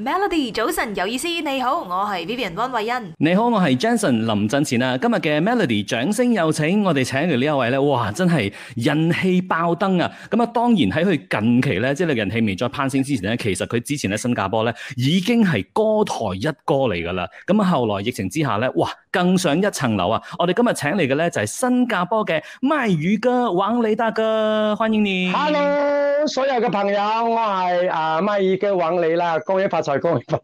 Melody 早晨有意思，你好，我係 Vivian 溫慧欣。你好，我係 Johnson 林振前啊。今日嘅 Melody 掌聲有請，我哋請嚟呢一位咧，哇，真係人氣爆燈啊！咁啊，當然喺佢近期咧，即係人氣未再攀升之前咧，其實佢之前咧新加坡咧已經係歌台一哥嚟噶啦。咁啊，後來疫情之下咧，哇，更上一層樓啊！我哋今日請嚟嘅咧，就係、是、新加坡嘅賣魚哥王雷大哥，歡迎你。Hello，所有嘅朋友，我係啊賣魚嘅王雷啦，今日光榮不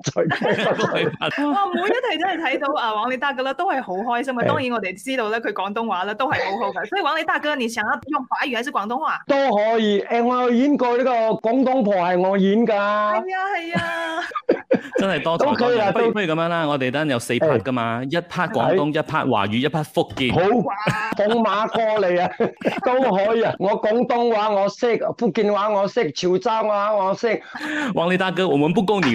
我每一題都係睇到啊，王利達哥啦，都係好開心啊。當然我哋知道咧，佢廣東話咧都係好好嘅。所以王利達哥，你想要用華語還是廣東話？都可以。誒、欸，我有演過呢個《廣東婆》，係我演㗎。係 啊，係啊，真係多。OK 啊，不如不如咁樣啦。我哋等有四拍 a 嘛、哎，一拍 a r 廣東，是是一拍 a r 華語，一拍福建。好，東馬過嚟啊， 都可以、啊。我廣東話我識，福建話我識，潮州話我識。 王利達哥，我們不夠你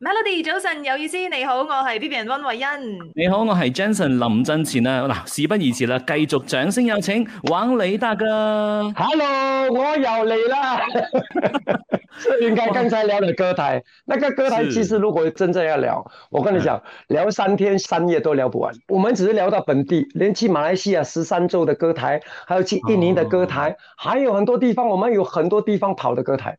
Melody 早晨有意思，你好，我是 Vivian 溫慧欣。你好，我是 Johnson 林振前。啊嗱，事不宜遲啦，繼續掌聲有請王磊大哥。Hello，我又嚟啦。應該剛才聊的歌台，oh. 那個歌台其實如果真正要聊，我跟你講，聊三天三夜都聊不完。我們只是聊到本地，連去馬來西亞十三州的歌台，還有去印尼的歌台，oh. 還有很多地方，我們有很多地方跑的歌台。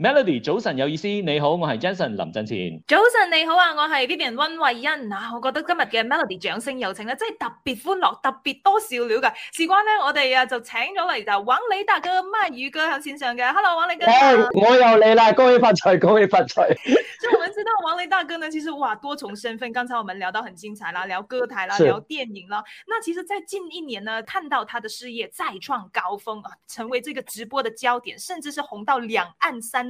Melody，早晨有意思，你好，我係 Jason 林振前。早晨你好啊，我係 Vivian 温慧欣。嗱、啊，我覺得今日嘅 Melody 掌聲有請咧，真係特別歡樂，特別多笑料嘅。事關咧，我哋啊就請咗嚟就王雷大哥、馬宇哥喺線上嘅。Hello，王雷哥。啊啊、我又嚟啦，恭喜發財，恭喜發財。就我們知道王雷大哥呢，其實哇多重身份。剛才我們聊到很精彩啦，聊歌台啦，聊電影啦。那其實在近一年呢，看到他的事業再創高峰啊，成為這個直播的焦點，甚至是紅到兩岸三。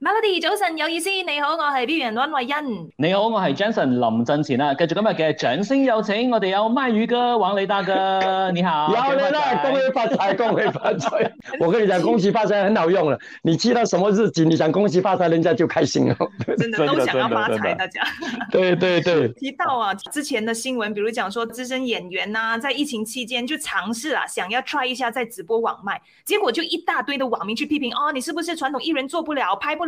My Lady，早晨有意思。你好，我係 Bianwen 慧欣。你好，我係 Jason 林振前啊。繼續今日嘅掌聲有請，我哋有鰻魚哥、王李達哥。你好。老李達，恭喜發財，恭喜發財。 我跟你講，恭 喜發財很好用了。你知道什麼日子？你想恭喜發財，人家就開心了。真的， 真的，真的，真的都想要發財，大家。對對對。提 到啊，之前的新聞，比如講說資深演員啊，在疫情期間就嘗試啊，想要 try 一下在直播網賣，結果就一大堆的網民去批評，哦、啊，你是不是傳統藝人做不了，拍不。